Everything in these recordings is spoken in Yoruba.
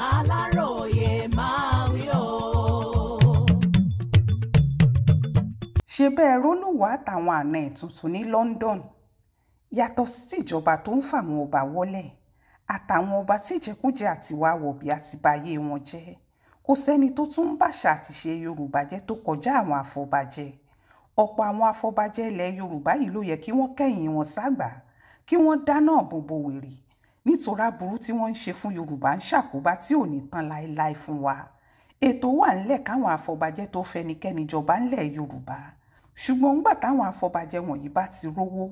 aláròye máa wí o. ṣe bẹ́ẹ̀ rólùwà àtàwọn àna ẹ̀ tuntun ní London yàtọ̀ síjọba tó ń fàwọn ọba wọlé àtàwọn ọba tí ìjẹkújẹ àtiwá wọ̀bì àtibáyé wọn jẹ́ kò sẹ́ni tó tún ń bàṣà àti ṣe Yorùbá jẹ́ tó kọjá àwọn afọbajẹ ọ̀pọ̀ àwọn afọbajẹ ilẹ̀ Yorùbá yìí ló yẹ kí wọ́n kẹ́yìn wọn ságbà kí wọ́n dáná bòbò wèrè nítorí aburú tí wọ́n ń ṣe fún yorùbá ń ṣàkóbá tí ò ní tán láéláé fún wa ètò wà ńlẹ̀ káwọn àfọbàjẹ́ tó fẹnikẹ́ni jọba ńlẹ̀ yorùbá ṣùgbọ́n ńgbà táwọn àfọbàjẹ́ wọ̀nyí bá ti rówó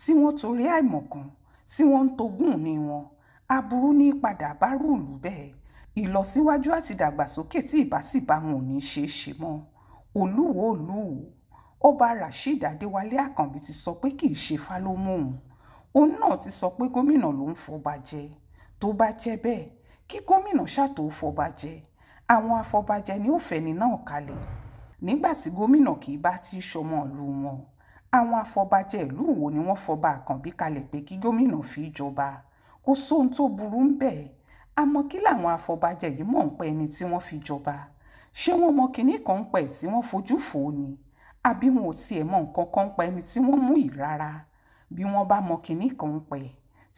tí wọ́n torí àìmọ̀kan tí wọ́n ń togún ní wọn aburú ní padà bá rúùlù bẹ́ẹ̀ ìlọsíwájú àti ìdàgbàsókè tí ìbá sì bá wọn ò ní ṣeé ṣe mọ́ olúwo olúwo ọba rasheed adéwálé àkànbí ti sọ pé kì í ṣe fá òun náà ti sọ pé gómìnà ló ń fọba jẹ tó bá jẹ́ bẹ́ẹ̀ kí gómìnà ṣàtò fọba jẹ àwọn afọbajẹ ni ó fẹni náà kalẹ̀ nígbà tí gómìnà kì í bá ti ṣọmọ ìlú wọn àwọn afọbajẹ ìlú wo ni wọ́n fọba àkànbí kalẹ̀ pé kí gómìnà fi jọba kò sóhun tó burú ń bẹ àmọ́ kí làwọn afọbajẹ yìí mọ̀ ń pẹ́ ẹni tí wọ́n fi jọba ṣé wọ́n mọ kinní kan ń pẹ́ tí wọ́n fojú fò ó ni àbí wọn ò tiẹ̀ mọ nǹkan kan ń pẹ́ ẹni tí wọ́n mú yìí rárá bí wọ́n bá mọ kinní kan pẹ̀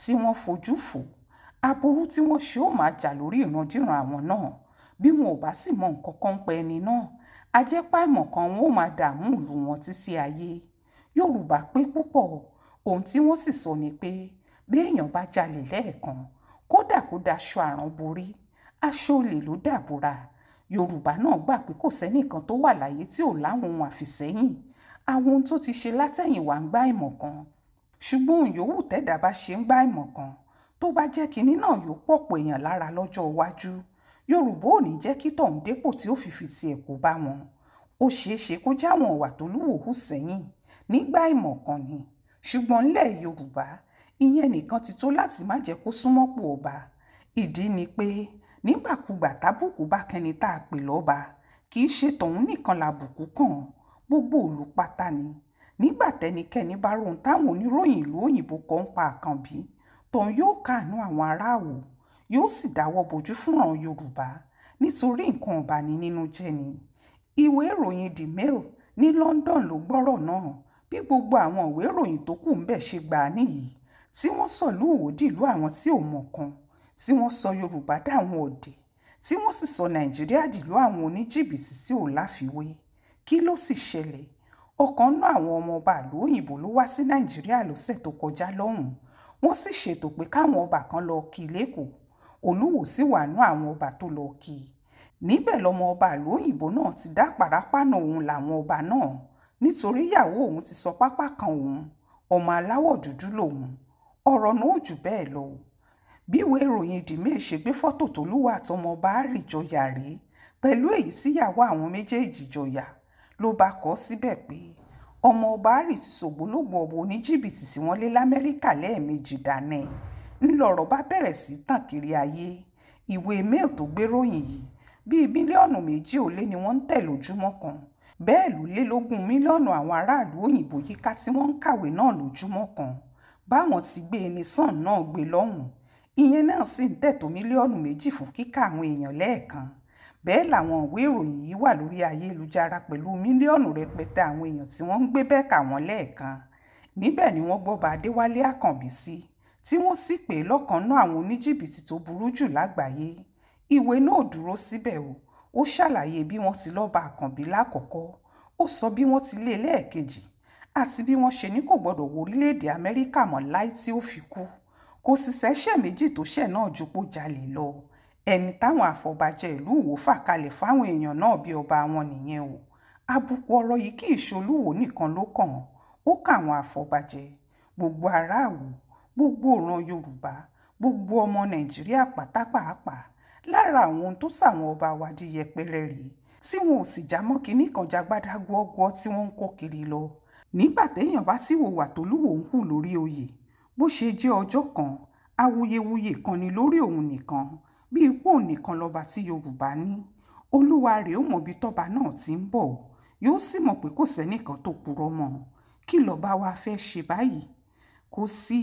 tí wọ́n fojú fò aburú tí wọ́n ṣe ó máa jà lórí ìrandíran àwọn náà bí wọn ò bá sì mọ nǹkan kan pẹ̀ ẹni náà ajẹ́pá ìmọ̀ kan wọn ò máa dààmú ìlú wọn títí ayé yorùbá pé púpọ̀ ohun tí wọ́n sì sọ ni pé bí èèyàn bá jalè lẹ́ẹ̀kan kódà kó daṣọ àrán borí aṣọ olè ló dàbúra yorùbá náà gbà pé kò sẹ́nìkan tó wà láyé tí ò láwọn ohun àfìsẹ́yìn àwọn ohun tó ti ṣe látẹ̀yìnwá ń gbá ìmọ̀ kan ṣùgbọ́n yòówù tẹ́dà bá ṣe ń gbá ìmọ̀ kan tó bá jẹ́ kinní náà yóò pọ̀pọ̀ èèyàn lára lọ́jọ́ iwájú yorùbá ò ní jẹ́ kí tọ̀hún dépò tí ó fi fi tiẹ̀ kó bá wọn ó ṣeé ṣe kó jáwọn ọ̀wà tó lúwò hù sẹ́yìn nígbà ìmọ̀ kan ni ṣùgbọ́n ńlẹ̀ yorùbá ìyẹn nìkan ti tó láti má jẹ́ kó súnmọ́pò ọba ìdí ni pé nígbàkúgbà tábùkù bá kẹni tá a pè lọ́ba kì í ṣe tọ̀hún nìkan làbùkù kàn gbogbo ìlú pátá ni nígbà tẹnikẹ́ni bá rohun táwọn oníròyìn ìlú òyìnbó kan ń pa àkànbí tòun yóò kàánú àwọn aráàwò yóò sì dáwọ́ bojú fúnran yorùbá nítorí nǹkan ọ̀bàní nínú jẹ́ ni ìwé ìròyìn the mail ní london ló gbọ́rọ̀ náà bí gbogbo àwọn ìwé ìròyìn tó kù ń bẹ̀ ṣe gbà á nìyí tí wọ́n sọ lúwo dìlú àwọn tí ò mọ̀ kan tí wọ́n sọ yorùbá dáwọn ọ̀dẹ̀ tí wọ́n sì sọ nàìjíríà dìlú àwọn oníjìbìtì tí ò kí ló sì ṣẹlẹ̀ ọ̀kan náà àwọn ọmọ ọba ìlú òyìnbó ló wá sí nàìjíríà lọ́sẹ̀ tó kọjá lọ́hùn-ún wọ́n sì ṣètò pé káwọn ọba kan lọ kí i lẹ́kọ̀ọ́ olúwo sì wà nú àwọn ọba tó lọ kí i níbẹ̀ lọmọ ọba ìlú òyìnbó náà ti dá pàrápànà òun làwọn ọba náà nítorí ìyàwó òun ti sọ pápá kan òun ọmọ aláwọ̀ dúdú lòun ọ̀rọ̀ náà jù bẹ́ẹ̀ lọ bíwèé ìròyìn dìmíẹ̀ ṣe gbé fọ́tò tólúwà àtọmọ ọba àrìjọyà rèé pẹ̀lú èyí tíyàwó àwọn méjèèjì jọyà ló bá kọ síbẹ̀ pé ọmọ ọba harry ti sògbólógbò ọ̀bọ oníjìbìtì tí wọ́n lé lamẹ́ríkà lẹ́ẹ̀mejì dáná ẹ̀ ńlọrọ̀ bá bẹ̀rẹ̀ sí tàn kiri ayé ìwé mail tó gbéròyìn yìí bíi mílíọ̀nù méjì ó lé ni wọ́n ń tẹ̀ lójúmọ́ kan bẹ́ẹ̀ ló lé lógún mílíọ̀nù àwọn aráàlú òyìnbó yíká tí wọ́n ń kàwé náà lójúmọ́ kan báwọn ti gbé e ní sàn náà gbé lọ́hùn ìyẹn náà sì ń tẹ̀ mílíọ̀nù méjì fún kíkà àwọn èèyàn lẹ́ẹ̀kan bẹ́ẹ̀ làwọn ìwé ìròyìn yìí wà lórí ayélujára pẹ̀lú mílíọ̀nù rẹpẹtẹ àwọn èèyàn tí wọ́n ń gbé bẹ́ẹ̀ kà wọ́n lẹ́ẹ̀kan níbẹ̀ ni wọ́n gbọ́ba adéwálé àkànbí sí tí wọ́n sì pè é lọ́kànnà àwọn oníjìbìtì tó burú jù lágbàáyé ìwé náà dúró síbẹ̀ o ó ṣàlàyé bí wọ́n ti lọ́ọ́ ba àkànbí lákọ̀ọ́kọ́ ó sọ bí wọ́n ti lé e lẹ́ẹ̀kejì àti bí wọ́n ṣe ní kò gbọ́dọ̀ wo orílẹ̀-èdè amẹ́ríkà mọ́ láì tí ó fi kú kò sì ṣẹ̀ṣẹ̀ méjì tó ṣẹ̀ náà ju pó jalè lọ ẹni táwọn àfọ̀bàjẹ́ ìlú Ìwó fà kalẹ̀ fáwọn èèyàn náà bí ọba wọn nìyẹn o àbùkù ọ̀rọ̀ yìí kì í ṣolúwo nìkan ló kàn án ó káwọn àfọ̀bàjẹ́ gbogbo aráàlú gbogbo ìran Yorùbá gbogbo ọmọ Nàìjíríà pátápàápàá lára àwọn ohun tó sàwọn ọba wa di yẹpẹrẹ rèé tí wọn ò sì já mọ́ kinní kan jágbádágú ọgbọ́ tí wọ́n ń kó kiri lọ nígbà téèyàn bá sì wò wà tólúwo ń kù lórí oyè bó ṣe jẹ́ ọjọ́ kan awuyewuye kan ni lórí òun nìkan bí ipò nìkan lọ́ba tí yorùbá ní olúwa rèé ó mọ̀bi tọ́ba náà ti ń bọ̀ yóò sì mọ̀ pé kò sẹ́nìkan tó purọ́ mọ́ kí lọ́ba wa fẹ́ ṣe báyìí kò sí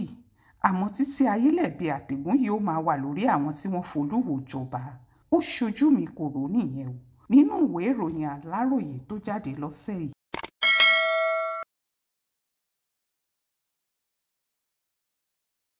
àmọ́ títí ayélẹ̀bí àtẹ̀gùn yìí ó máa wà lórí àwọn tí wọ́n folúwo jọba ó ṣojú mi kò rò nìyẹn o nínú ìwé ìròyìn aláròye tó jáde lọ́sẹ̀ yìí